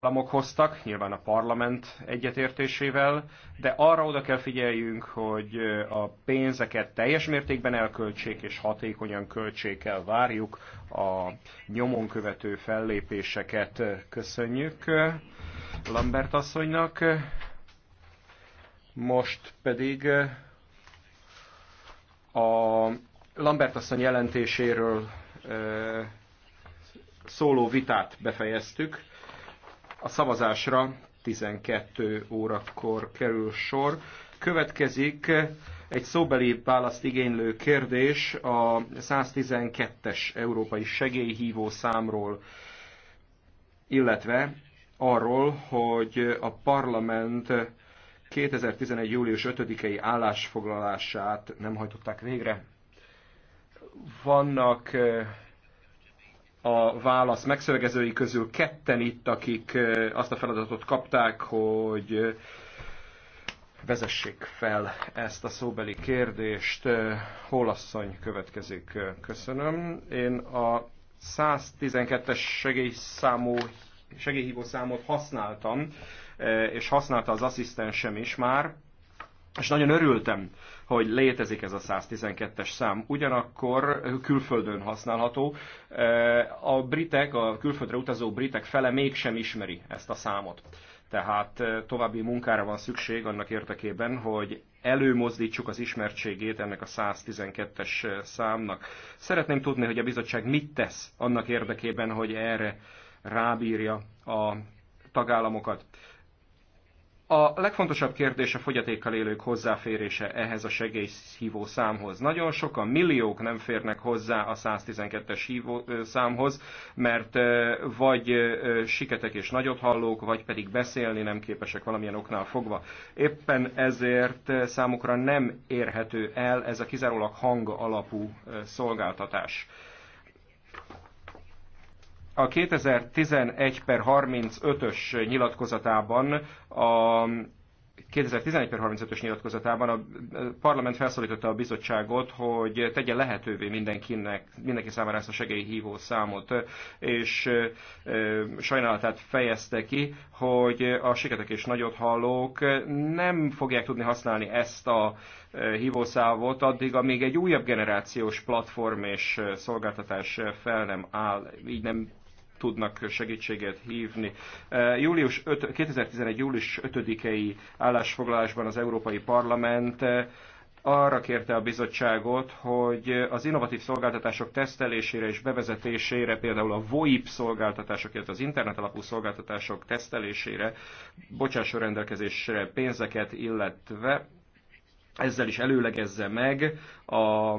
államok hoztak, nyilván a parlament egyetértésével, de arra oda kell figyeljünk, hogy a pénzeket teljes mértékben elköltsék és hatékonyan költsék el. Várjuk a nyomon követő fellépéseket. Köszönjük Lambert asszonynak. Most pedig a Lambert asszony jelentéséről szóló vitát befejeztük. A szavazásra 12 órakor kerül sor. Következik egy szóbeli választ igénylő kérdés a 112-es európai segélyhívó számról, illetve arról, hogy a parlament 2011. július 5-i állásfoglalását nem hajtották végre. Vannak eh, a válasz megszövegezői közül ketten itt, akik azt a feladatot kapták, hogy vezessék fel ezt a szóbeli kérdést. Holasszony következik, köszönöm. Én a 112-es segélyszámú, segélyhívó számot használtam, és használta az asszisztensem is már, és nagyon örültem, hogy létezik ez a 112-es szám. Ugyanakkor külföldön használható. E, a britek, a külföldre utazó britek fele mégsem ismeri ezt a számot. Tehát e, további munkára van szükség annak érdekében, hogy előmozdítsuk az ismertségét ennek a 112-es e, számnak. Szeretném tudni, hogy a bizottság mit tesz annak érdekében, hogy erre rábírja a tagállamokat. A legfontosabb kérdés a fogyatékkal élők hozzáférése ehhez a segélyhívó számhoz. Nagyon sokan, milliók nem férnek hozzá a 112-es hívó számhoz, mert vagy siketek és nagyot hallók, vagy pedig beszélni nem képesek valamilyen oknál fogva. Éppen ezért számukra nem érhető el ez a kizárólag hang alapú szolgáltatás a 2011 per 35-ös nyilatkozatában a 2011 per 35-ös nyilatkozatában a parlament felszólította a bizottságot, hogy tegye lehetővé mindenkinek, mindenki számára ezt a segélyhívó számot, és sajnálatát fejezte ki, hogy a siketek és nagyot hallók nem fogják tudni használni ezt a hívószávot addig, amíg egy újabb generációs platform és szolgáltatás fel nem áll, így nem tudnak segítséget hívni. E, július 5, 2011. július 5-i állásfoglalásban az Európai Parlament e, arra kérte a bizottságot, hogy az innovatív szolgáltatások tesztelésére és bevezetésére, például a VoIP szolgáltatások, illetve az internet alapú szolgáltatások tesztelésére bocsássó rendelkezésre pénzeket, illetve ezzel is előlegezze meg a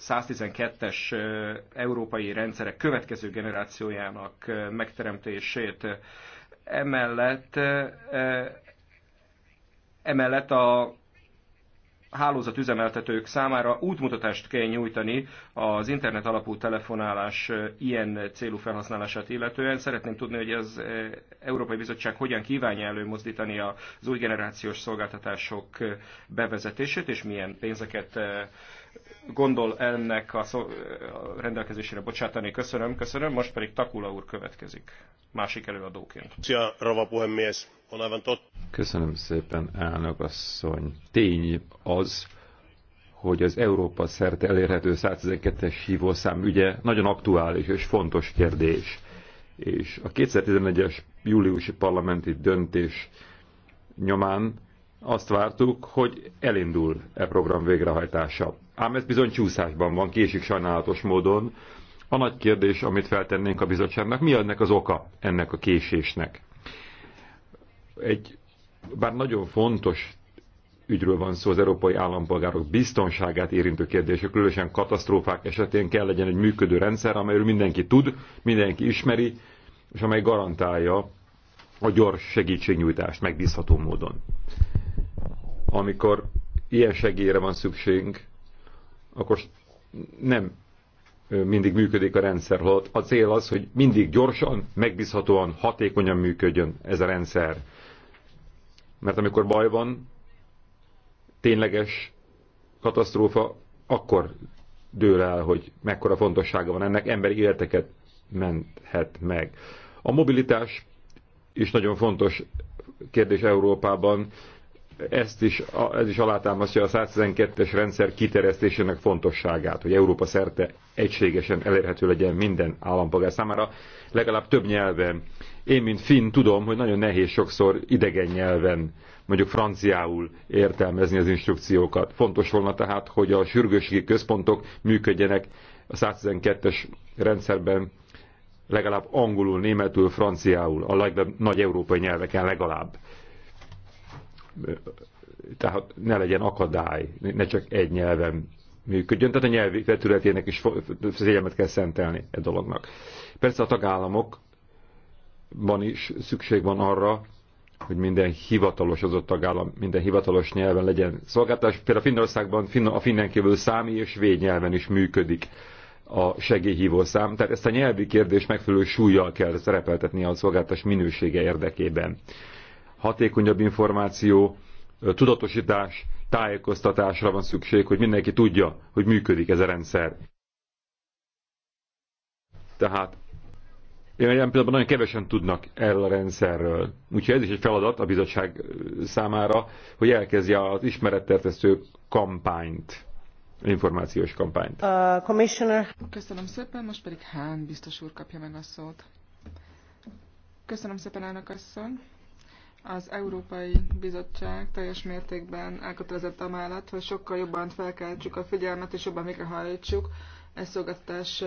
112-es európai rendszerek következő generációjának megteremtését. Emellett, emellett a hálózat üzemeltetők számára útmutatást kell nyújtani az internet alapú telefonálás ilyen célú felhasználását illetően. Szeretném tudni, hogy az Európai Bizottság hogyan kívánja előmozdítani az új generációs szolgáltatások bevezetését, és milyen pénzeket gondol ennek a, szó, a rendelkezésére bocsátani. Köszönöm, köszönöm. Most pedig Takula úr következik, másik előadóként. Szia, Rava puhemies. On Köszönöm szépen, elnök asszony. Tény az, hogy az Európa szerte elérhető 112-es hívószám ügye nagyon aktuális és fontos kérdés. És a 2011-es júliusi parlamenti döntés nyomán azt vártuk, hogy elindul e program végrehajtása ám ez bizony csúszásban van, késik sajnálatos módon. A nagy kérdés, amit feltennénk a bizottságnak, mi ennek az oka ennek a késésnek? Egy, bár nagyon fontos ügyről van szó, az európai állampolgárok biztonságát érintő kérdések, különösen katasztrófák esetén kell legyen egy működő rendszer, amelyről mindenki tud, mindenki ismeri, és amely garantálja a gyors segítségnyújtást megbízható módon. Amikor ilyen segélyre van szükség, akkor nem mindig működik a rendszer. Holott a cél az, hogy mindig gyorsan, megbízhatóan, hatékonyan működjön ez a rendszer. Mert amikor baj van, tényleges katasztrófa, akkor dől el, hogy mekkora fontossága van ennek, emberi életeket menthet meg. A mobilitás is nagyon fontos kérdés Európában ezt is, ez is alátámasztja a 112-es rendszer kiterjesztésének fontosságát, hogy Európa szerte egységesen elérhető legyen minden állampolgár számára, legalább több nyelven. Én, mint finn, tudom, hogy nagyon nehéz sokszor idegen nyelven, mondjuk franciául értelmezni az instrukciókat. Fontos volna tehát, hogy a sürgősségi központok működjenek a 112-es rendszerben legalább angolul, németül, franciául, a legtöbb nagy európai nyelveken legalább tehát ne legyen akadály, ne csak egy nyelven működjön, tehát a nyelvi vetületének is figyelmet kell szentelni e dolognak. Persze a tagállamokban is szükség van arra, hogy minden hivatalos az ott tagállam, minden hivatalos nyelven legyen szolgáltatás. Például Finnországban a finnen kívül számi és véd nyelven is működik a szám. Tehát ezt a nyelvi kérdést megfelelő súlyjal kell szerepeltetni a szolgáltatás minősége érdekében hatékonyabb információ, tudatosítás, tájékoztatásra van szükség, hogy mindenki tudja, hogy működik ez a rendszer. Tehát én jelen pillanatban nagyon kevesen tudnak erről a rendszerről. Úgyhogy ez is egy feladat a bizottság számára, hogy elkezdje az ismerettertesztő kampányt, információs kampányt. Uh, commissioner. Köszönöm szépen, most pedig Hán biztos úr kapja meg a szót. Köszönöm szépen, elnök asszony. Az Európai Bizottság teljes mértékben elkötelezett amellett, hogy sokkal jobban felkeltsük a figyelmet és jobban végrehajtsuk ezt szolgáltatás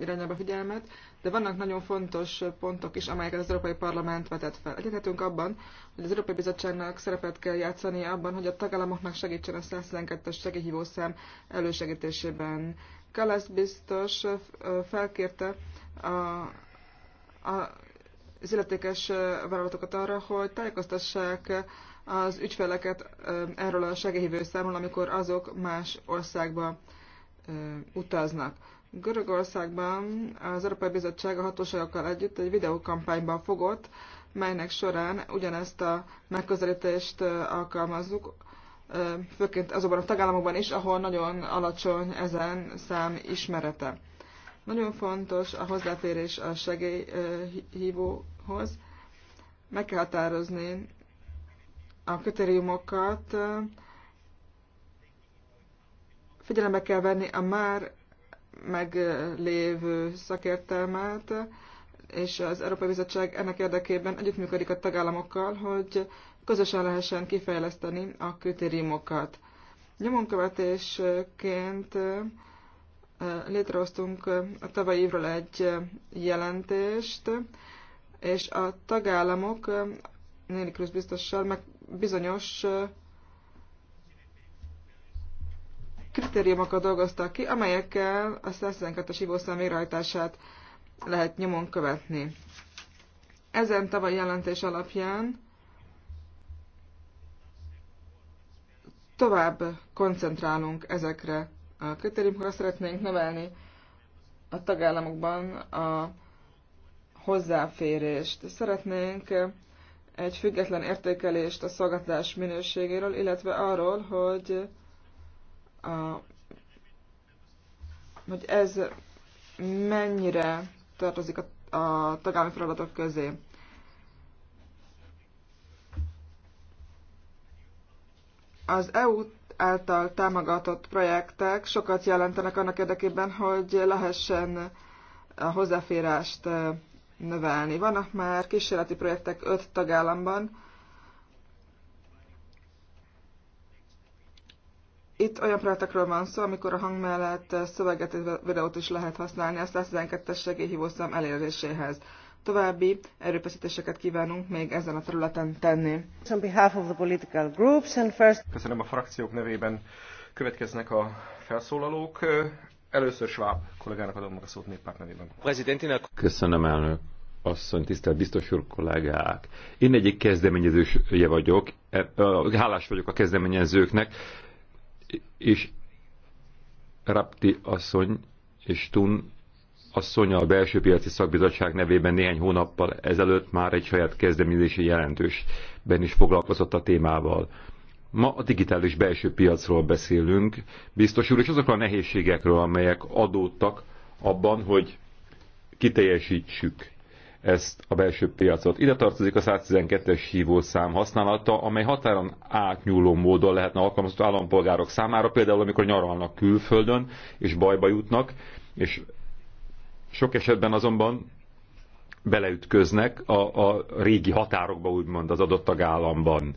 irányába figyelmet, de vannak nagyon fontos pontok is, amelyeket az Európai Parlament vetett fel. Egyetetünk abban, hogy az Európai Bizottságnak szerepet kell játszani abban, hogy a tagállamoknak segítsen a 112-es segélyhívószám elősegítésében. Kalasz biztos felkérte a, a az illetékes vállalatokat arra, hogy tájékoztassák az ügyfeleket erről a segélyhívő számról, amikor azok más országba utaznak. Görögországban az Európai Bizottság a hatóságokkal együtt egy videókampányban fogott, melynek során ugyanezt a megközelítést alkalmazzuk, főként azokban a tagállamokban is, ahol nagyon alacsony ezen szám ismerete. Nagyon fontos a hozzáférés a segélyhívóhoz. Meg kell határozni a kötériumokat. figyelembe kell venni a már meglévő szakértelmet, és az Európai Bizottság ennek érdekében együttműködik a tagállamokkal, hogy közösen lehessen kifejleszteni a kritériumokat. Nyomonkövetésként létrehoztunk a tavalyi évről egy jelentést, és a tagállamok Néli Krusz biztossal meg bizonyos kritériumokat dolgoztak ki, amelyekkel a 112-es ivószám végrehajtását lehet nyomon követni. Ezen tavaly jelentés alapján tovább koncentrálunk ezekre a kritériumokra azt szeretnénk növelni a tagállamokban a hozzáférést. Szeretnénk egy független értékelést a szolgáltatás minőségéről, illetve arról, hogy, a, hogy ez mennyire tartozik a, a tagállami feladatok közé. Az EU által támogatott projektek sokat jelentenek annak érdekében, hogy lehessen a hozzáférást növelni. Vannak már kísérleti projektek öt tagállamban. Itt olyan projektekről van szó, amikor a hang mellett szöveget és videót is lehet használni a 112-es segélyhívószám eléréséhez további erőpeszítéseket kívánunk még ezen a területen tenni. Köszönöm a frakciók nevében. Következnek a felszólalók. Először Schwab kollégának adom meg a szót néppárt nevében. Köszönöm elnök asszony, tisztelt biztos úr kollégák. Én egyik kezdeményezője vagyok, e, hálás vagyok a kezdeményezőknek, és Rapti asszony és Tun asszony a belső piaci szakbizottság nevében néhány hónappal ezelőtt már egy saját kezdeményezési jelentősben is foglalkozott a témával. Ma a digitális belső piacról beszélünk, biztos úr, és azokról a nehézségekről, amelyek adódtak abban, hogy kiteljesítsük ezt a belső piacot. Ide tartozik a 112-es hívószám használata, amely határon átnyúló módon lehetne alkalmazott állampolgárok számára, például amikor nyaralnak külföldön és bajba jutnak, és sok esetben azonban beleütköznek a, a régi határokba, úgymond az adott tagállamban.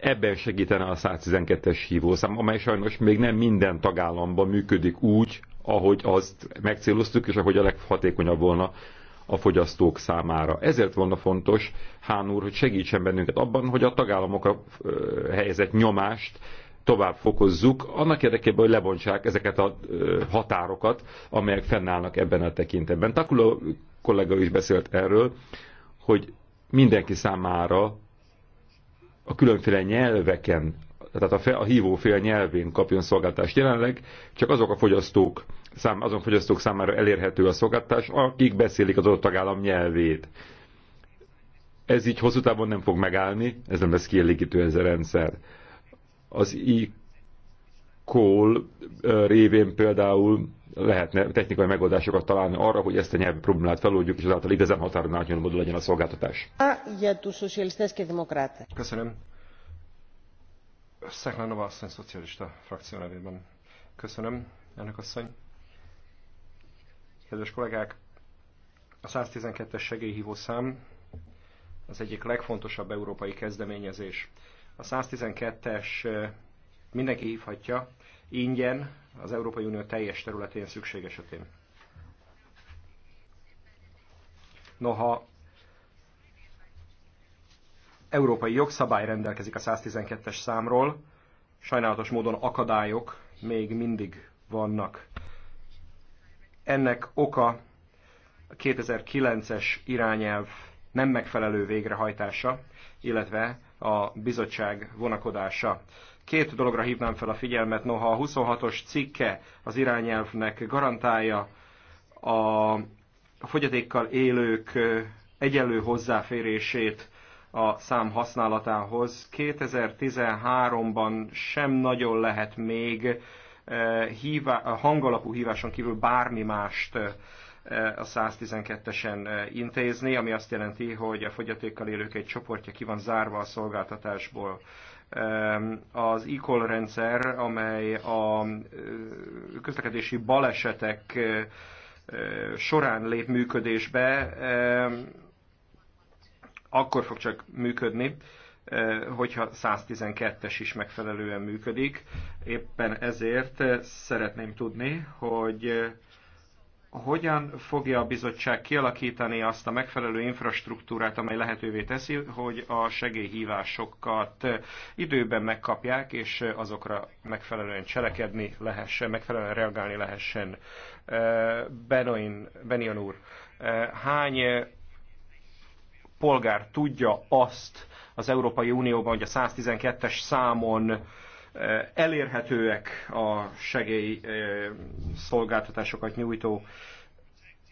Ebben segítene a 112-es hívószám, amely sajnos még nem minden tagállamban működik úgy, ahogy azt megcéloztuk, és ahogy a leghatékonyabb volna a fogyasztók számára. Ezért volna fontos, Hán úr, hogy segítsen bennünket abban, hogy a tagállamok a helyzet nyomást tovább fokozzuk, annak érdekében, hogy lebontsák ezeket a határokat, amelyek fennállnak ebben a tekintetben. Takula kollega is beszélt erről, hogy mindenki számára a különféle nyelveken, tehát a, fe, a fél nyelvén kapjon szolgáltást. Jelenleg csak azok a fogyasztók, szám, azon fogyasztók számára elérhető a szolgáltás, akik beszélik az adott tagállam nyelvét. Ez így hosszú távon nem fog megállni, ez nem lesz kielégítő ez a rendszer. Az e-call révén például lehetne technikai megoldásokat találni arra, hogy ezt a nyelvi problémát feloldjuk, és azáltal igazán határon átnyúló módon legyen a szolgáltatás. Köszönöm. Szeklenova asszony, szocialista frakció nevében. Köszönöm, elnök asszony. Kedves kollégák, a 112-es segélyhívószám az egyik legfontosabb európai kezdeményezés. A 112-es mindenki hívhatja ingyen az Európai Unió teljes területén szükség esetén. Noha európai jogszabály rendelkezik a 112-es számról, sajnálatos módon akadályok még mindig vannak. Ennek oka a 2009-es irányelv nem megfelelő végrehajtása, illetve a bizottság vonakodása. Két dologra hívnám fel a figyelmet, noha a 26-os cikke az irányelvnek garantálja a fogyatékkal élők egyenlő hozzáférését a szám használatához. 2013-ban sem nagyon lehet még eh, hívá, hangalapú híváson kívül bármi mást eh, Eh, a 112-esen eh, intézni, ami azt jelenti, hogy a fogyatékkal élők egy csoportja ki van zárva a szolgáltatásból. Az e rendszer, amely a eh, közlekedési balesetek során lép működésbe, akkor fog csak működni, hogyha 112-es is megfelelően működik. Éppen ezért szeretném tudni, hogy hogyan fogja a bizottság kialakítani azt a megfelelő infrastruktúrát, amely lehetővé teszi, hogy a segélyhívásokat időben megkapják, és azokra megfelelően cselekedni lehessen, megfelelően reagálni lehessen. Eh, Benoin, Benion úr, eh, hány polgár tudja azt az Európai Unióban, hogy a 112-es számon Eh, elérhetőek a segély eh, szolgáltatásokat nyújtó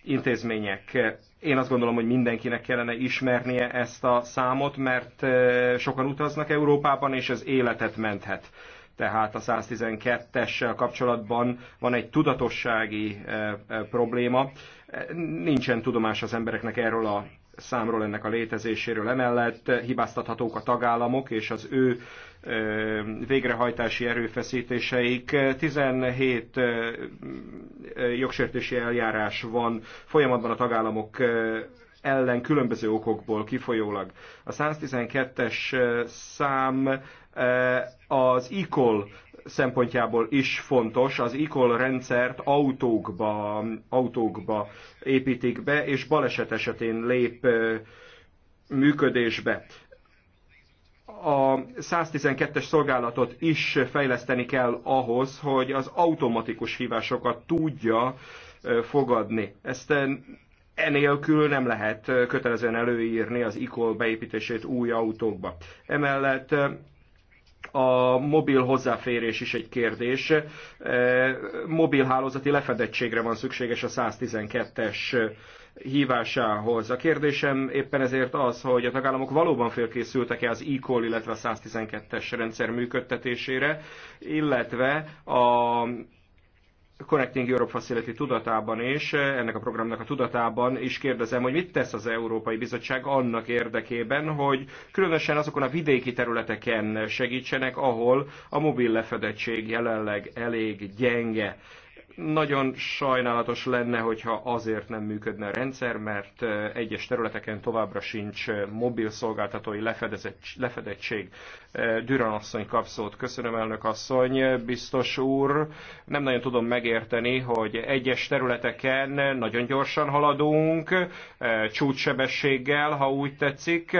intézmények. Én azt gondolom, hogy mindenkinek kellene ismernie ezt a számot, mert eh, sokan utaznak Európában, és ez életet menthet. Tehát a 112-essel kapcsolatban van egy tudatossági probléma. Nincsen tudomás az embereknek erről a számról, ennek a létezéséről. Emellett hibáztathatók a tagállamok és az ő végrehajtási erőfeszítéseik. 17 jogsértési eljárás van folyamatban a tagállamok ellen különböző okokból kifolyólag. A 112-es szám az ICOL szempontjából is fontos. Az ICOL rendszert autókba, autókba építik be, és baleset esetén lép működésbe. A 112-es szolgálatot is fejleszteni kell ahhoz, hogy az automatikus hívásokat tudja fogadni. Ezt enélkül nem lehet kötelezően előírni az ICOL beépítését új autókba. Emellett a mobil hozzáférés is egy kérdés. E, mobil hálózati lefedettségre van szükséges a 112-es hívásához. A kérdésem éppen ezért az, hogy a tagállamok valóban félkészültek-e az e illetve a 112-es rendszer működtetésére, illetve a Connecting Europe Facility tudatában és ennek a programnak a tudatában is kérdezem, hogy mit tesz az Európai Bizottság annak érdekében, hogy különösen azokon a vidéki területeken segítsenek, ahol a mobil lefedettség jelenleg elég gyenge nagyon sajnálatos lenne, hogyha azért nem működne a rendszer, mert egyes területeken továbbra sincs mobil szolgáltatói lefedettség. Düran asszony kap szót. Köszönöm, elnök asszony, biztos úr. Nem nagyon tudom megérteni, hogy egyes területeken nagyon gyorsan haladunk, csúcssebességgel, ha úgy tetszik,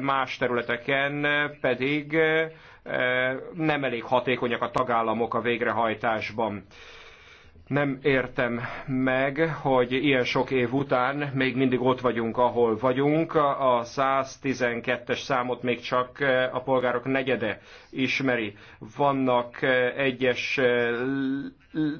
más területeken pedig nem elég hatékonyak a tagállamok a végrehajtásban nem értem meg, hogy ilyen sok év után még mindig ott vagyunk, ahol vagyunk. A 112-es számot még csak eh, a polgárok negyede ismeri. Vannak eh, egyes eh,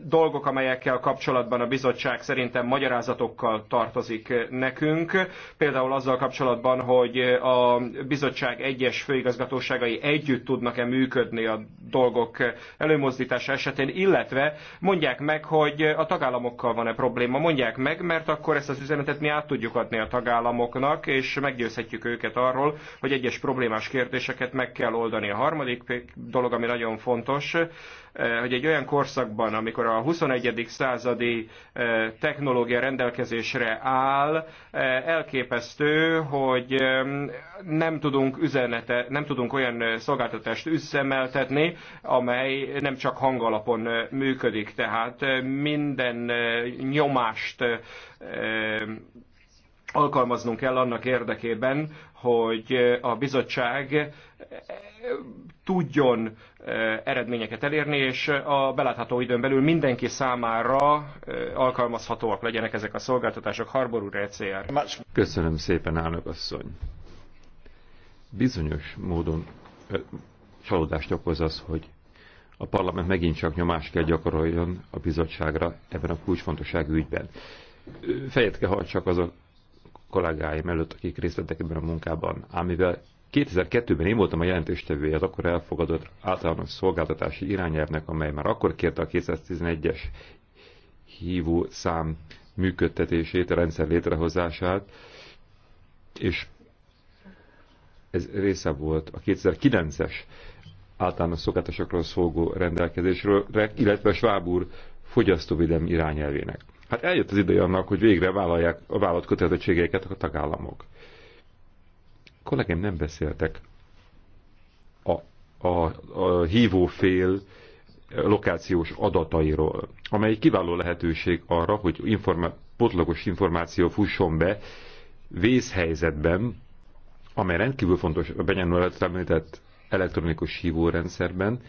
dolgok, amelyekkel kapcsolatban a bizottság szerintem magyarázatokkal tartozik nekünk. Például azzal kapcsolatban, hogy a bizottság egyes főigazgatóságai együtt tudnak-e működni a dolgok előmozdítása esetén, illetve mondják meg, hogy a tagállamokkal van-e probléma. Mondják meg, mert akkor ezt az üzenetet mi át tudjuk adni a tagállamoknak, és meggyőzhetjük őket arról, hogy egyes problémás kérdéseket meg kell oldani. A harmadik dolog, ami nagyon fontos, Eh, hogy egy olyan korszakban, amikor a 21. századi eh, technológia rendelkezésre áll, eh, elképesztő, hogy nem tudunk üzenete, nem tudunk olyan szolgáltatást üzemeltetni, amely nem csak hangalapon működik. Tehát minden nyomást alkalmaznunk kell annak érdekében, hogy a bizottság tudjon eredményeket elérni, és a belátható időn belül mindenki számára alkalmazhatóak legyenek ezek a szolgáltatások. Harbor úr, ECR. Köszönöm szépen, állnak asszony. Bizonyos módon csalódást okoz az, hogy a parlament megint csak nyomást kell gyakoroljon a bizottságra ebben a kulcsfontosságú ügyben. Fejet kell csak azok kollégáim előtt, akik részt vettek ebben a munkában. Ám mivel 2002-ben én voltam a jelentéstevője az akkor elfogadott általános szolgáltatási irányelvnek, amely már akkor kérte a 211-es hívó szám működtetését, a rendszer létrehozását, és ez része volt a 2009-es általános szolgáltatásokról szolgó rendelkezésről, illetve Schwab úr fogyasztóvédelmi irányelvének. Hát eljött az ideje annak, hogy végre vállalják a vállalt kötelezettségeiket a tagállamok. A kollégém nem beszéltek a, a, a hívófél lokációs adatairól, amely kiváló lehetőség arra, hogy informa- potlagos információ fusson be vészhelyzetben, amely rendkívül fontos a Benyánul említett elektronikus hívórendszerben,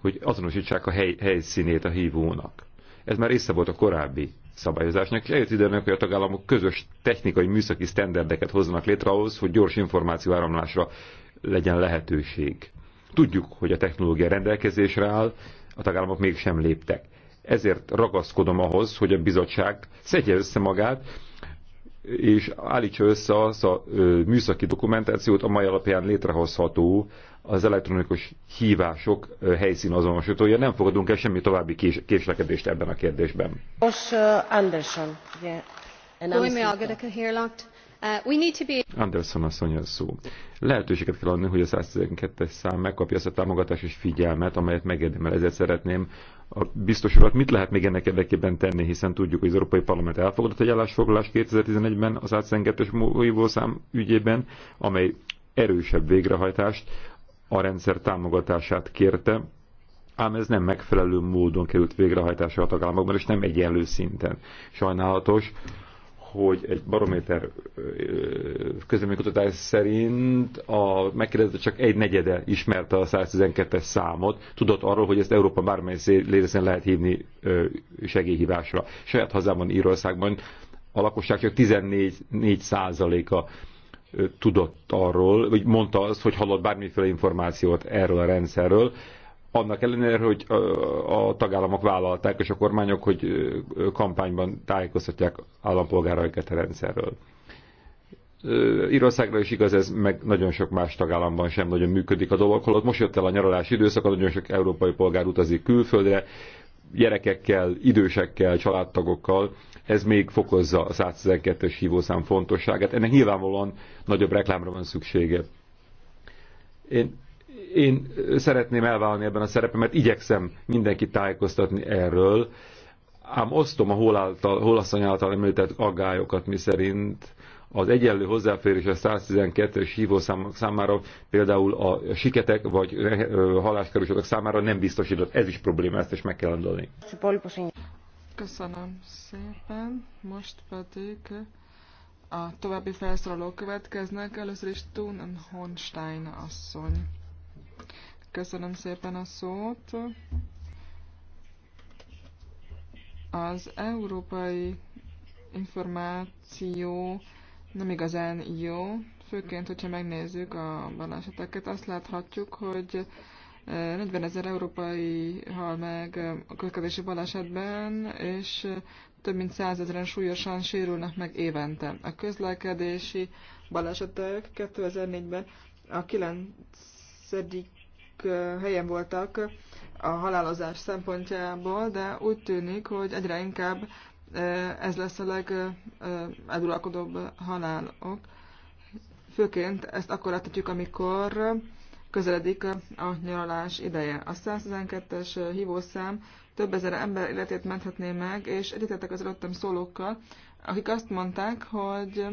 hogy azonosítsák a hely, helyszínét a hívónak. Ez már része volt a korábbi szabályozásnak, eljött időnek, hogy a tagállamok közös technikai műszaki sztenderdeket hozzanak létre ahhoz, hogy gyors információ áramlásra legyen lehetőség. Tudjuk, hogy a technológia rendelkezésre áll, a tagállamok mégsem léptek. Ezért ragaszkodom ahhoz, hogy a bizottság szedje össze magát, és állítsa össze az a műszaki dokumentációt, amely alapján létrehozható az elektronikus hívások helyszín azonosítója. Nem fogadunk el semmi további kés késlekedést ebben a kérdésben. Anderson, yeah. Uh, Anderson asszony a szó. Lehetőséget kell adni, hogy a 112-es szám megkapja ezt a támogatást és figyelmet, amelyet megérdemel. Ezért szeretném a biztos urat, mit lehet még ennek érdekében tenni, hiszen tudjuk, hogy az Európai Parlament elfogadott egy állásfoglalás 2011-ben az 112-es szám ügyében, amely erősebb végrehajtást a rendszer támogatását kérte, ám ez nem megfelelő módon került végrehajtásra a tagállamokban, és nem egyenlő szinten. Sajnálatos, hogy egy barométer közleménykutatás szerint a megkérdezett csak egy negyede ismerte a 112-es számot, tudott arról, hogy ezt Európa bármely létezen lehet hívni segélyhívásra. Saját hazában, Írországban a lakosság csak 14 a tudott arról, vagy mondta azt, hogy hallott bármiféle információt erről a rendszerről, annak ellenére, hogy a tagállamok vállalták, és a kormányok, hogy kampányban tájékoztatják állampolgáraikat a rendszerről. Írországra is igaz, ez meg nagyon sok más tagállamban sem nagyon működik a dolog, holott most jött el a nyaralási időszak, nagyon sok európai polgár utazik külföldre, gyerekekkel, idősekkel, családtagokkal, ez még fokozza a 112-es hívószám fontosságát. Ennek nyilvánvalóan nagyobb reklámra van szüksége. Én, én szeretném elválni ebben a szerepemet, igyekszem mindenkit tájékoztatni erről, ám osztom a hol által, holasszony által említett aggályokat, szerint az egyenlő hozzáférés a 112-es hívószámok számára, például a siketek vagy haláskerülők számára nem biztosított. Ez is probléma, ezt is meg kell adni. Köszönöm szépen. Most pedig a további felszólalók következnek. Először is Thun Honstein asszony. Köszönöm szépen a szót. Az európai információ nem igazán jó, főként, hogyha megnézzük a baleseteket, azt láthatjuk, hogy 40 ezer európai hal meg a közlekedési balesetben, és több mint 100 ezeren súlyosan sérülnek meg évente. A közlekedési balesetek 2004-ben a 9. helyen voltak a halálozás szempontjából, de úgy tűnik, hogy egyre inkább ez lesz a legeluralkodóbb halálok. Főként ezt akkor láthatjuk, amikor közeledik a nyaralás ideje. A 112-es hívószám több ezer ember életét menthetné meg, és egyetettek az előttem szólókkal, akik azt mondták, hogy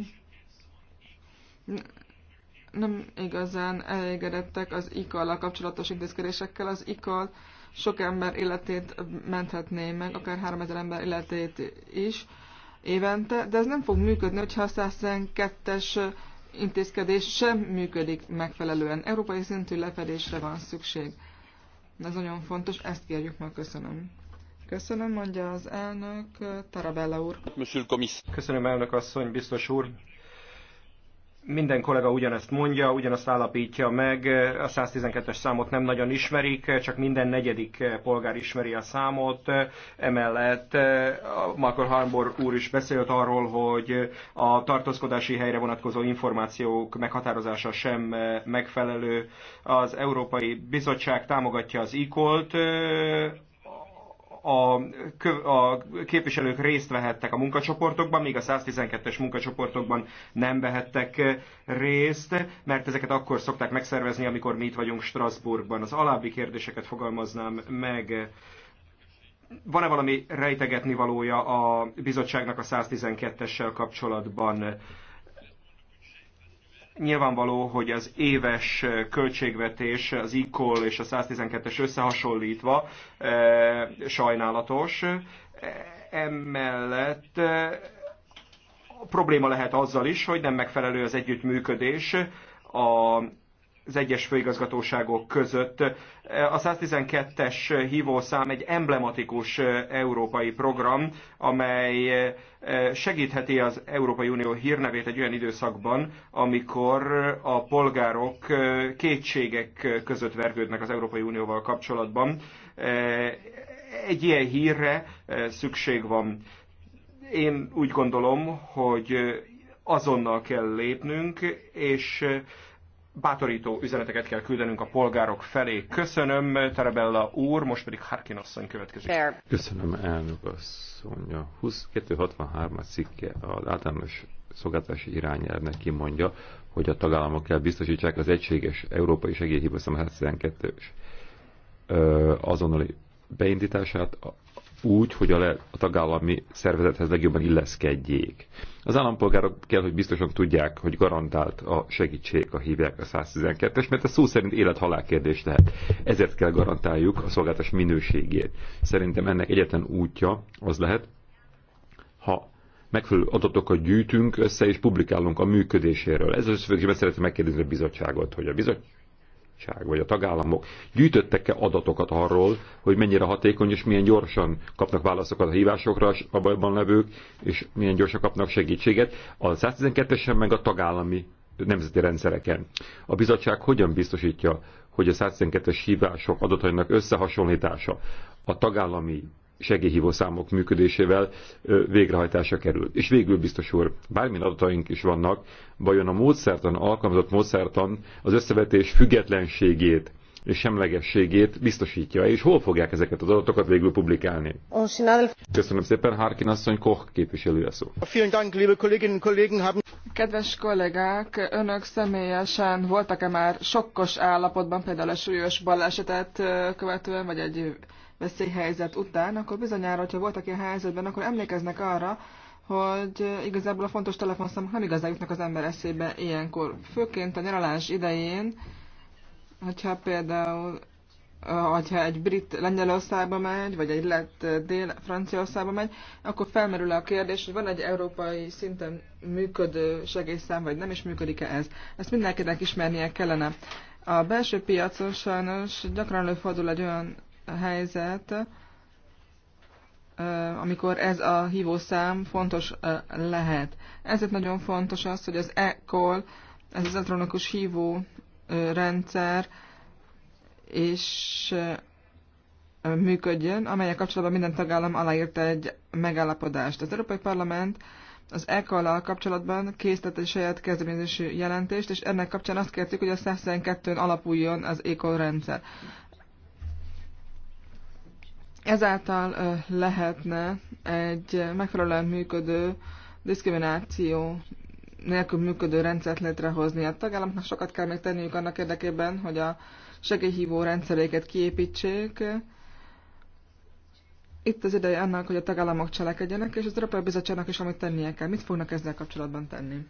nem igazán elégedettek az ikal kapcsolatos intézkedésekkel. Az ikal sok ember életét menthetné meg, akár 3000 ember életét is évente, de ez nem fog működni, hogyha a 112-es intézkedés sem működik megfelelően. Európai szintű lefedésre van szükség. Ez nagyon fontos, ezt kérjük meg, köszönöm. Köszönöm, mondja az elnök, Tarabella úr. Köszönöm, elnök asszony, biztos úr minden kollega ugyanezt mondja, ugyanazt állapítja meg, a 112-es számot nem nagyon ismerik, csak minden negyedik polgár ismeri a számot. Emellett eh, Michael Harbour úr is beszélt arról, hogy a tartózkodási helyre vonatkozó információk meghatározása sem eh, megfelelő. Az Európai Bizottság támogatja az ICOL-t, eh, a, a képviselők részt vehettek a munkacsoportokban, míg a 112-es munkacsoportokban nem vehettek eh, részt, mert ezeket akkor szokták megszervezni, amikor mi itt vagyunk Strasbourgban. Az alábbi kérdéseket fogalmaznám meg. Van-e valami rejtegetni valója a bizottságnak a 112-essel kapcsolatban? Nyilvánvaló, hogy az éves költségvetés az ICOL és a 112-es összehasonlítva e, sajnálatos. Emellett e, probléma lehet azzal is, hogy nem megfelelő az együttműködés a az egyes főigazgatóságok között. A 112-es hívószám egy emblematikus európai program, amely segítheti az Európai Unió hírnevét egy olyan időszakban, amikor a polgárok kétségek között vergődnek az Európai Unióval kapcsolatban. Egy ilyen hírre szükség van. Én úgy gondolom, hogy azonnal kell lépnünk, és bátorító üzeneteket kell küldenünk a polgárok felé. Köszönöm, Tarabella úr, most pedig Harkin asszony következik. Köszönöm, elnök asszony. A 2263-as cikke az általános szolgáltatási irányelvnek kimondja, hogy a tagállamok kell biztosítsák az egységes európai segélyhívószám 112-ös azonnali beindítását, úgy, hogy a, le, a tagállami szervezethez legjobban illeszkedjék. Az állampolgárok kell, hogy biztosan tudják, hogy garantált a segítség, a hívják a 112-es, mert ez szó szerint élet-halál kérdés lehet. Ezért kell garantáljuk a szolgáltatás minőségét. Szerintem ennek egyetlen útja az lehet, ha megfelelő adatokat gyűjtünk össze és publikálunk a működéséről. Ez az összefüggésben szeretném megkérdezni a bizottságot, hogy a bizottság bizottság vagy a tagállamok gyűjtöttek-e adatokat arról, hogy mennyire hatékony és milyen gyorsan kapnak válaszokat a hívásokra a bajban levők, és milyen gyorsan kapnak segítséget a 112-esen meg a tagállami nemzeti rendszereken. A bizottság hogyan biztosítja, hogy a 112-es hívások adatainak összehasonlítása a tagállami segélyhívó számok működésével végrehajtása kerül. És végül biztos úr, bármilyen adataink is vannak, vajon a módszertan, alkalmazott módszertan az összevetés függetlenségét és semlegességét biztosítja, és hol fogják ezeket az adatokat végül publikálni? Köszönöm szépen, Harkin asszony, Koch képviselője szó. Kedves kollégák, önök személyesen voltak-e már sokkos állapotban, például a súlyos balesetet követően, vagy egy veszélyhelyzet után, akkor bizonyára, hogyha voltak ilyen helyzetben, akkor emlékeznek arra, hogy igazából a fontos telefonszámok nem igazán jutnak az ember eszébe ilyenkor. Főként a nyaralás idején, hogyha például hogyha egy brit Lengyelországba megy, vagy egy lett dél-Franciaországba megy, akkor felmerül a kérdés, hogy van egy európai szinten működő segélyszám, vagy nem is működik-e ez. Ezt mindenkinek ismernie kellene. A belső piacon sajnos gyakran előfordul egy olyan helyzet, amikor ez a hívószám fontos lehet. Ezért nagyon fontos az, hogy az e-call, ez az elektronikus hívó rendszer, és működjön, amelyek kapcsolatban minden tagállam aláírt egy megállapodást. Az Európai Parlament az ECOL-al kapcsolatban készített egy saját kezdeményezési jelentést, és ennek kapcsán azt kértük, hogy a 112-n alapuljon az ECOL rendszer. Ezáltal lehetne egy megfelelően működő, diszkrimináció nélkül működő rendszert létrehozni. A tagállamoknak sokat kell még tenniük annak érdekében, hogy a segélyhívó rendszeréket kiépítsék. Itt az ideje annak, hogy a tagállamok cselekedjenek, és az Európai Bizottságnak is amit tennie kell. Mit fognak ezzel kapcsolatban tenni?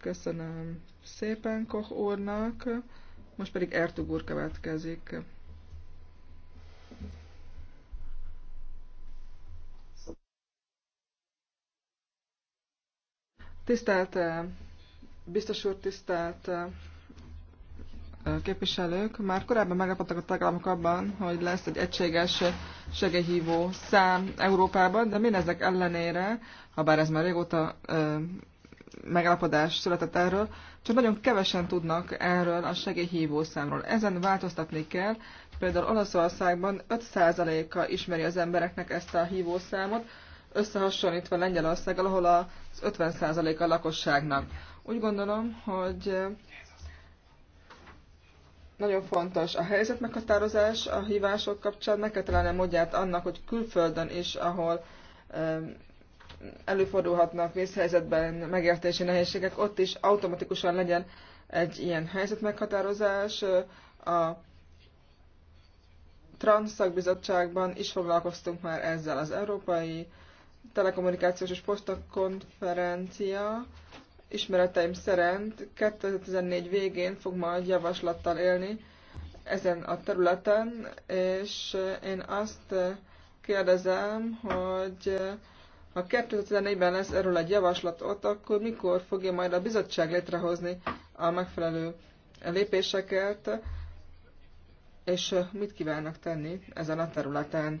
Köszönöm szépen Koch úrnak, most pedig Ertug úr következik. Tisztelt eh, biztos úr, tisztelt eh, eh, képviselők, már korábban megállapodtak a tagállamok abban, hogy lesz egy egységes segélyhívó szám Európában, de mindezek ellenére, ha bár ez már régóta megállapodás született erről, csak nagyon kevesen tudnak erről a segélyhívó számról. Ezen változtatni kell, például Olaszországban 5%-a ismeri az embereknek ezt a hívószámot, összehasonlítva Lengyelországgal, ahol az 50% a lakosságnak. Úgy gondolom, hogy nagyon fontos a helyzet meghatározás a hívások kapcsán, meg kell találni a módját annak, hogy külföldön is, ahol előfordulhatnak vészhelyzetben megértési nehézségek, ott is automatikusan legyen egy ilyen helyzet meghatározás. A Transzakbizottságban is foglalkoztunk már ezzel az európai telekommunikációs és postakonferencia ismereteim szerint 2014 végén fog majd javaslattal élni ezen a területen, és én azt kérdezem, hogy ha 2014-ben lesz erről egy javaslat ott, akkor mikor fogja majd a bizottság létrehozni a megfelelő lépéseket, és mit kívánnak tenni ezen a területen.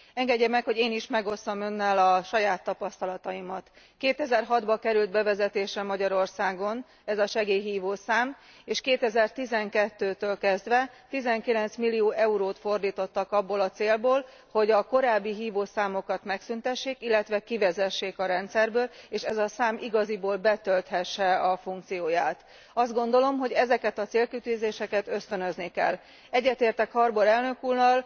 engedje meg hogy én is megosszam önnel a saját tapasztalataimat. two thousand and six ban került bevezetésre magyarországon ez a segélyhvó szám és two thousand and twelve től kezdve nineteen millió eurót fordtottak abból a célból hogy a korábbi hvószámokat megszüntessék illetve kivezessék a rendszerből és ez a szám igaziból betölthesse a funkcióját. azt gondolom hogy ezeket a célkitűzéseket ösztönözni kell. egyetértek harbour elnök úrral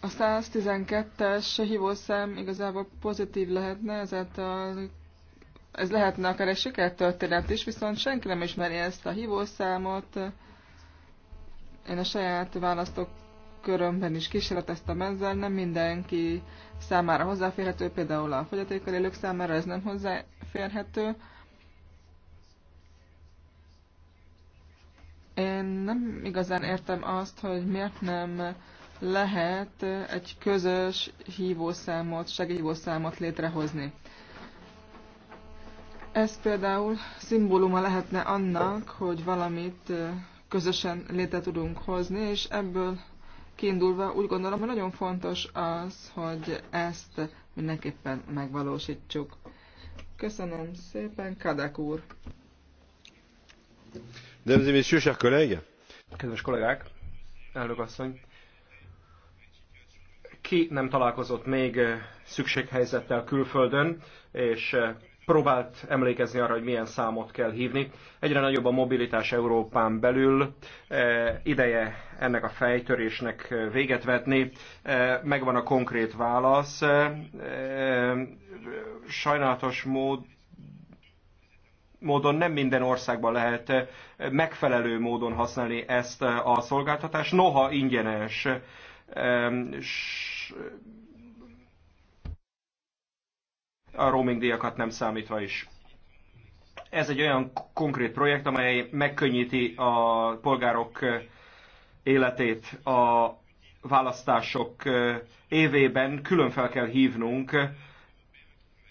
a 112-es hívószám igazából pozitív lehetne, ezáltal ez lehetne akár egy sikertörténet is, viszont senki nem ismeri ezt a hívószámot. Én a saját választok körömben is kísérleteztem ezzel, nem mindenki számára hozzáférhető, például a fogyatékkal élők számára ez nem hozzáférhető. Én nem igazán értem azt, hogy miért nem lehet egy közös hívószámot, segélyhívószámot létrehozni. Ez például szimbóluma lehetne annak, hogy valamit közösen létre tudunk hozni, és ebből kiindulva úgy gondolom, hogy nagyon fontos az, hogy ezt mindenképpen megvalósítsuk. Köszönöm szépen, Kadek úr! Kedves kollégák, elnök asszony! ki nem találkozott még eh, szükséghelyzettel külföldön, és eh, próbált emlékezni arra, hogy milyen számot kell hívni. Egyre nagyobb a mobilitás Európán belül, eh, ideje ennek a fejtörésnek véget vetni. Megvan a konkrét válasz. Sajnálatos mód módon nem minden országban lehet megfelelő módon használni ezt a szolgáltatást, noha ingyenes a roaming díjakat nem számítva is. Ez egy olyan konkrét projekt, amely megkönnyíti a polgárok életét a választások évében. Külön fel kell hívnunk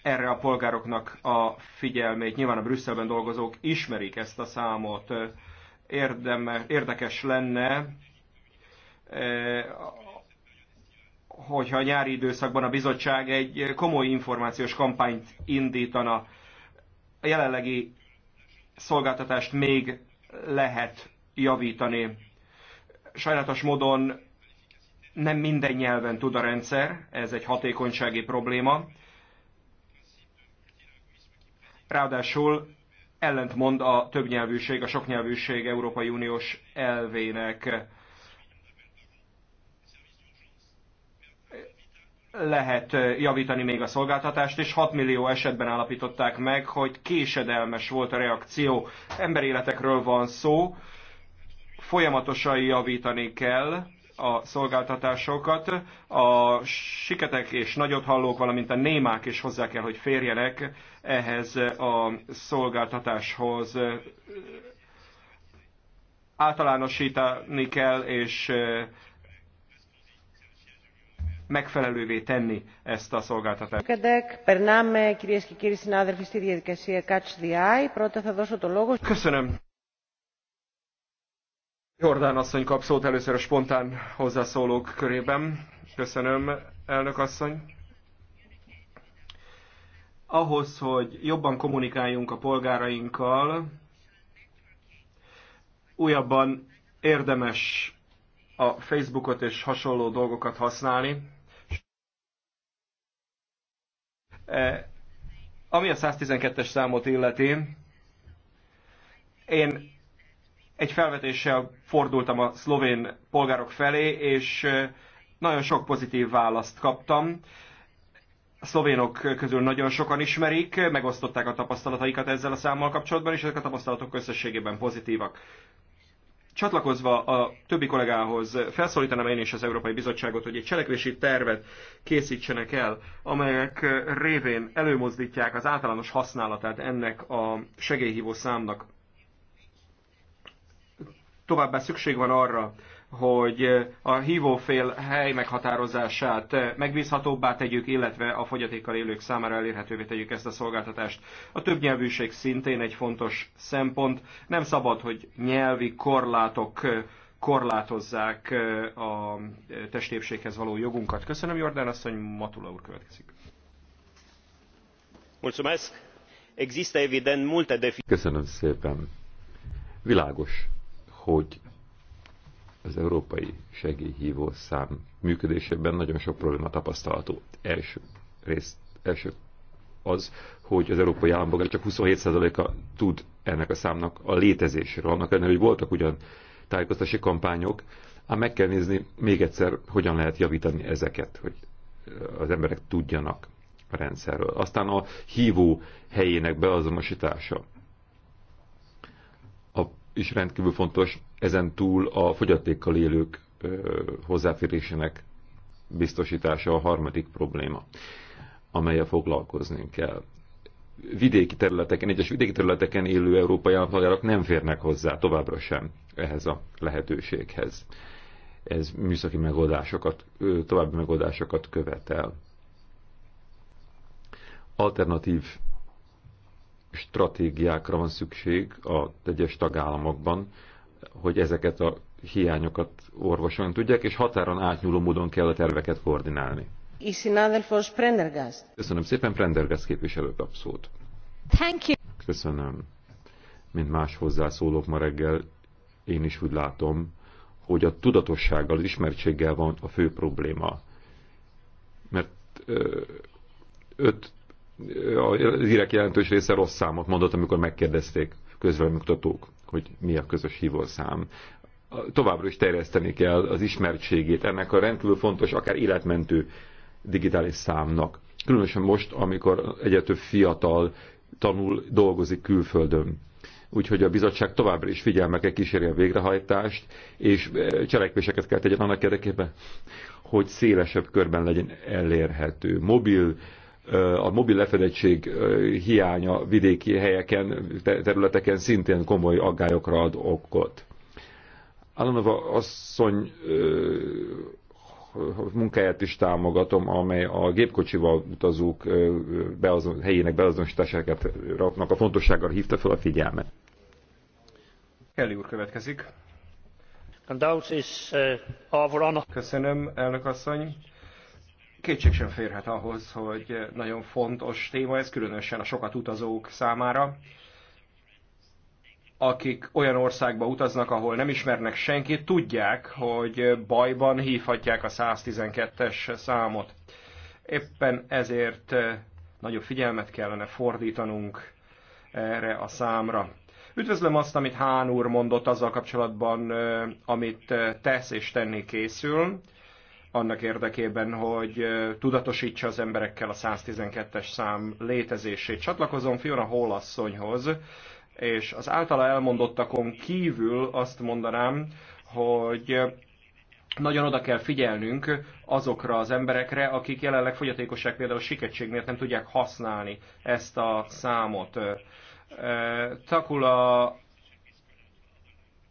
erre a polgároknak a figyelmét. Nyilván a Brüsszelben dolgozók ismerik ezt a számot. Érdem, érdekes lenne hogyha a nyári időszakban a bizottság egy komoly információs kampányt indítana. A jelenlegi szolgáltatást még lehet javítani. Sajnálatos módon nem minden nyelven tud a rendszer, ez egy hatékonysági probléma. Ráadásul ellentmond a többnyelvűség, a soknyelvűség Európai Uniós elvének lehet javítani még a szolgáltatást, és 6 millió esetben állapították meg, hogy késedelmes volt a reakció. Emberéletekről van szó, folyamatosan javítani kell a szolgáltatásokat. A siketek és nagyot hallók valamint a némák is hozzá kell, hogy férjenek ehhez a szolgáltatáshoz. Általánosítani kell, és megfelelővé tenni ezt a szolgáltatást. Köszönöm. Jordán asszony kap szót először a spontán hozzászólók körében. Köszönöm, elnök asszony. Ahhoz, hogy jobban kommunikáljunk a polgárainkkal, újabban érdemes a Facebookot és hasonló dolgokat használni. Eh, ami a 112-es számot illeti, én egy felvetéssel fordultam a szlovén polgárok felé, és eh, nagyon sok pozitív választ kaptam. A szlovénok közül nagyon sokan ismerik, megosztották a tapasztalataikat ezzel a számmal kapcsolatban, és ezek a tapasztalatok összességében pozitívak. Csatlakozva a többi kollégához felszólítanám én is az Európai Bizottságot, hogy egy cselekvési tervet készítsenek el, amelyek révén előmozdítják az általános használatát ennek a segélyhívó számnak. Továbbá szükség van arra, hogy eh, a hívófél hely meghatározását eh, megbízhatóbbá tegyük, illetve a fogyatékkal élők számára elérhetővé tegyük ezt a szolgáltatást. A többnyelvűség szintén egy fontos szempont. Nem szabad, hogy nyelvi korlátok eh, korlátozzák a testépséghez való jogunkat. Köszönöm, Jordán asszony, Matula úr következik. Mulțumesc. Există evident multe defi- Köszönöm szépen. Világos, hogy az európai segélyhívó szám működésében nagyon sok probléma tapasztalható. Első, rész, első az, hogy az európai állampolgár csak 27%-a tud ennek a számnak a létezésről. Annak ellenére, hogy voltak ugyan tájékoztatási kampányok, ám meg kell nézni még egyszer, hogyan lehet javítani ezeket, hogy az emberek tudjanak a rendszerről. Aztán a hívó helyének beazonosítása a, is rendkívül fontos ezen túl a fogyatékkal élők hozzáférésének biztosítása a harmadik probléma, amelyel foglalkozni kell. Vidéki területeken, egyes vidéki területeken élő európai állampolgárok nem férnek hozzá továbbra sem ehhez a lehetőséghez. Ez műszaki megoldásokat, további megoldásokat követel. Alternatív stratégiákra van szükség a egyes tagállamokban, hogy ezeket a hiányokat orvosolni tudják, és határon átnyúló módon kell a terveket koordinálni. Köszönöm szépen, Prendergast képviselő kap szót. Thank you. Köszönöm. Mint más hozzászólók ma reggel, én is úgy látom, hogy a tudatossággal, az ismertséggel van a fő probléma. Mert öt, az írek jelentős része rossz számot mondott, amikor megkérdezték közvelemkutatók hogy mi a közös hívószám. Továbbra is terjeszteni kell az ismertségét ennek a rendkívül fontos, akár életmentő digitális számnak. Különösen most, amikor egyre több fiatal tanul, dolgozik külföldön. Úgyhogy a bizottság továbbra is figyelmekkel kíséri a végrehajtást, és e, cselekvéseket kell tegyen annak érdekében, hogy szélesebb körben legyen elérhető. Mobil, a mobil lefedettség hiánya vidéki helyeken, területeken szintén komoly aggályokra ad okot. Állandóan asszony munkáját is támogatom, amely a gépkocsival utazók beazon, helyének beazonosításákat a fontosságra hívta fel a figyelmet. Kelly úr következik. Uh, Köszönöm, elnök asszony kétség sem férhet ahhoz, hogy nagyon fontos téma ez, különösen a sokat utazók számára, akik olyan országba utaznak, ahol nem ismernek senkit, tudják, hogy bajban hívhatják a 112-es számot. Éppen ezért eh, nagyobb figyelmet kellene fordítanunk erre a számra. Üdvözlöm azt, amit Hán úr mondott azzal kapcsolatban, eh, amit eh, tesz és tenni készül annak érdekében, hogy tudatosítsa az emberekkel a 112-es szám létezését. Csatlakozom Fiona Hall asszonyhoz, és az általa elmondottakon kívül azt mondanám, hogy nagyon oda kell figyelnünk azokra az emberekre, akik jelenleg fogyatékosság például siketség miatt nem tudják használni ezt a számot. Takula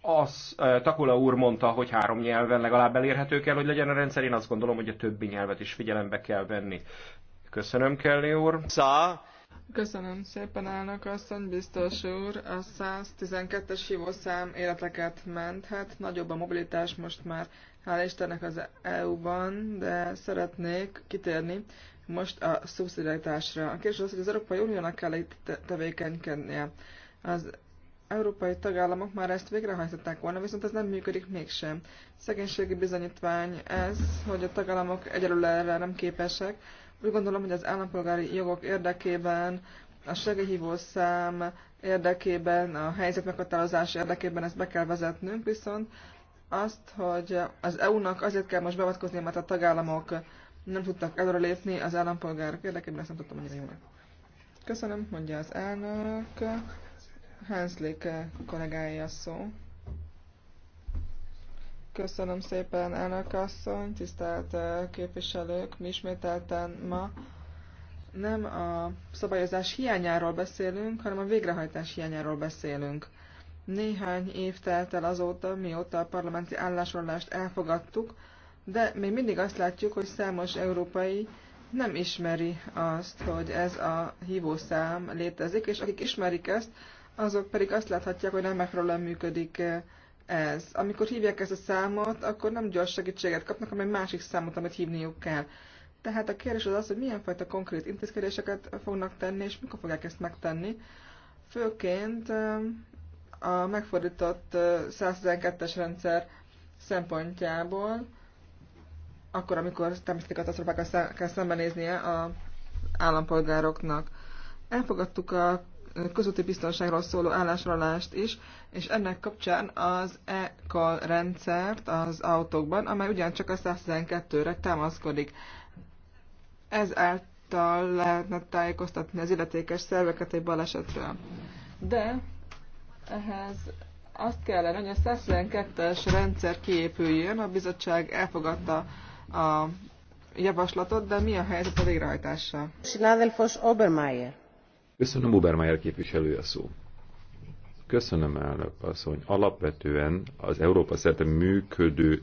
az eh, Takula úr mondta, hogy három nyelven legalább elérhető kell, hogy legyen a rendszer. Én azt gondolom, hogy a többi nyelvet is figyelembe kell venni. Köszönöm, Kelly úr. Szá. Köszönöm szépen, elnök asszony, biztos úr. A 112-es hívószám életeket menthet. Nagyobb a mobilitás most már, hál' Istennek az EU-ban, de szeretnék kitérni most a szubszidiaritásra. A kérdés az, hogy az Európai Uniónak kell itt tevékenykednie. Az európai tagállamok már ezt végrehajtották volna, viszont ez nem működik mégsem. Szegénységi bizonyítvány ez, hogy a tagállamok egyelőre erre nem képesek. Úgy gondolom, hogy az állampolgári jogok érdekében, a szám érdekében, a helyzet meghatározás érdekében ezt be kell vezetnünk, viszont azt, hogy az EU-nak azért kell most beavatkozni, mert a tagállamok nem tudtak előrelépni az állampolgárok érdekében, ezt nem tudtam annyira jól. Köszönöm, mondja az elnök. Henzlik eh, kollégája szó. Köszönöm szépen, elnök asszony, tisztelt eh, képviselők, mi ismételten ma nem a szabályozás hiányáról beszélünk, hanem a végrehajtás hiányáról beszélünk. Néhány év telt el azóta, mióta a parlamenti állásolást elfogadtuk, de még mindig azt látjuk, hogy számos európai nem ismeri azt, hogy ez a hívószám létezik, és akik ismerik ezt, azok pedig azt láthatják, hogy nem megfelelően működik eh, ez. Amikor hívják ezt a számot, akkor nem gyors segítséget kapnak, hanem egy másik számot, amit hívniuk kell. Tehát a kérdés az az, hogy milyen fajta konkrét intézkedéseket fognak tenni, és mikor fogják ezt megtenni. Főként eh, a megfordított 112-es eh, rendszer szempontjából, akkor, amikor természeti katasztrofákkal kell szembenéznie az állampolgároknak. Elfogadtuk a közúti biztonságról szóló állásralást is, és ennek kapcsán az ECA rendszert az autókban, amely ugyancsak a 112-re támaszkodik. Ezáltal lehetne tájékoztatni az illetékes szerveket egy balesetről. De ehhez azt kellene, hogy a 112-es rendszer kiépüljön, a bizottság elfogadta a javaslatot, de mi a helyzet a végrehajtással? Sinádelfos Obermeier. Köszönöm, Ubermeier képviselő a szó. Köszönöm, elnök asszony. Alapvetően az Európa szerte működő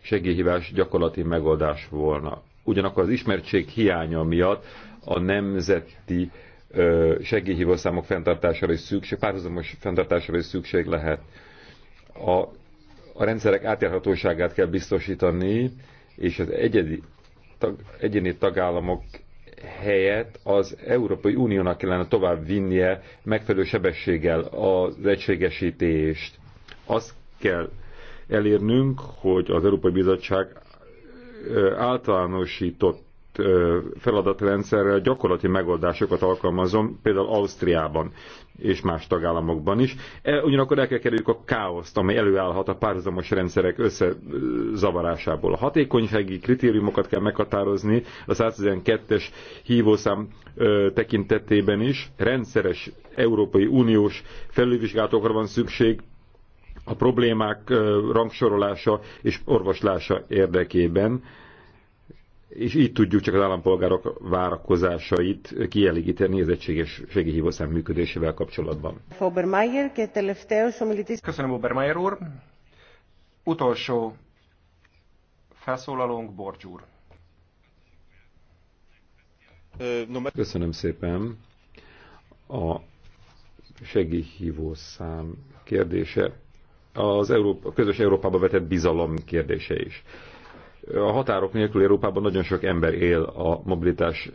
segélyhívás gyakorlati megoldás volna. Ugyanakkor az ismertség hiánya miatt a nemzeti segélyhívószámok fenntartására is szükség, párhuzamos fenntartására is szükség lehet. A, a rendszerek átjárhatóságát kell biztosítani, és az egyedi, tag, egyéni tagállamok helyett az Európai Uniónak kellene tovább vinnie megfelelő sebességgel az egységesítést. Azt kell elérnünk, hogy az Európai Bizottság általánosított feladatrendszerrel gyakorlati megoldásokat alkalmazom, például Ausztriában és más tagállamokban is. E, ugyanakkor el kell kerüljük a káoszt, amely előállhat a párhuzamos rendszerek összezavarásából. A hatékonysági kritériumokat kell meghatározni a 112-es hívószám tekintetében is. Rendszeres Európai Uniós felülvizsgálatokra van szükség, a problémák rangsorolása és orvoslása érdekében és így tudjuk csak az állampolgárok várakozásait kielégíteni az egységes segélyhívószám működésével kapcsolatban. Köszönöm, Obermeier úr. Utolsó felszólalónk Borcs úr. Köszönöm szépen. A segélyhívószám kérdése az Európa, közös Európába vetett bizalom kérdése is a határok nélkül Európában nagyon sok ember él a mobilitás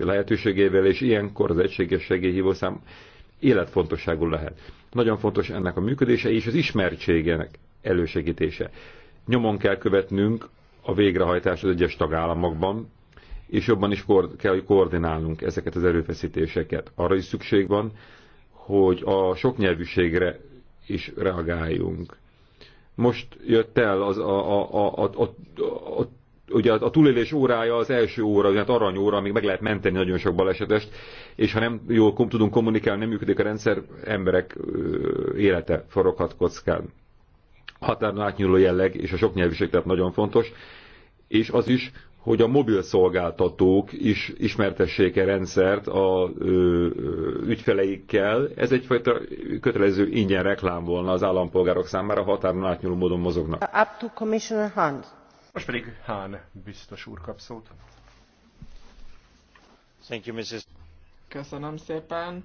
lehetőségével, és ilyenkor az egységes segélyhívószám életfontosságú lehet. Nagyon fontos ennek a működése és az ismertségének elősegítése. Nyomon kell követnünk a végrehajtást az egyes tagállamokban, és jobban is kell, hogy koordinálnunk ezeket az erőfeszítéseket. Arra is szükség van, hogy a soknyelvűségre is reagáljunk most jött el az a, a, a, a, a, a ugye a túlélés órája az első óra, tehát arany óra, amíg meg lehet menteni nagyon sok balesetest, és ha nem jól tudunk kommunikálni, nem működik a rendszer, emberek élete foroghat kockán. Határon átnyúló jelleg és a soknyelvűség tehát nagyon fontos, és az is, hogy a mobil szolgáltatók is ismertessék a rendszert a ö, ö, ügyfeleikkel. Ez egyfajta kötelező ingyen reklám volna az állampolgárok számára, határon átnyúló módon mozognak. Up to Commissioner Hahn. Most pedig Hahn biztos úr kap szót. Thank you, Mrs. Köszönöm szépen.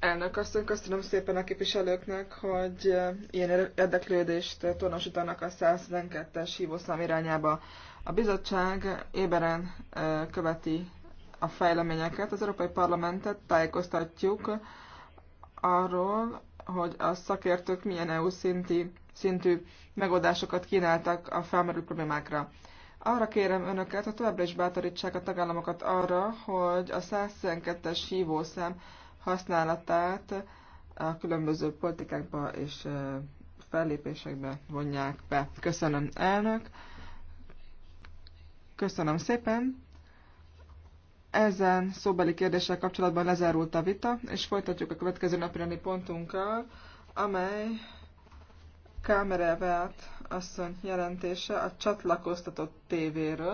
Elnök asszony, köszönöm szépen a képviselőknek, hogy ilyen érdeklődést tonosítanak a 112-es hívószám irányába. A bizottság éberen követi a fejleményeket. Az Európai Parlamentet tájékoztatjuk arról, hogy a szakértők milyen EU szinti, szintű megoldásokat kínáltak a felmerült problémákra. Arra kérem önöket, hogy továbbra is bátorítsák a tagállamokat arra, hogy a 112-es hívószám használatát a különböző politikákba és fellépésekbe vonják be. Köszönöm, elnök! Köszönöm szépen. Ezen szóbeli kérdéssel kapcsolatban lezárult a vita, és folytatjuk a következő napirendi pontunkkal, amely Kámerevelt asszony jelentése a csatlakoztatott tévéről.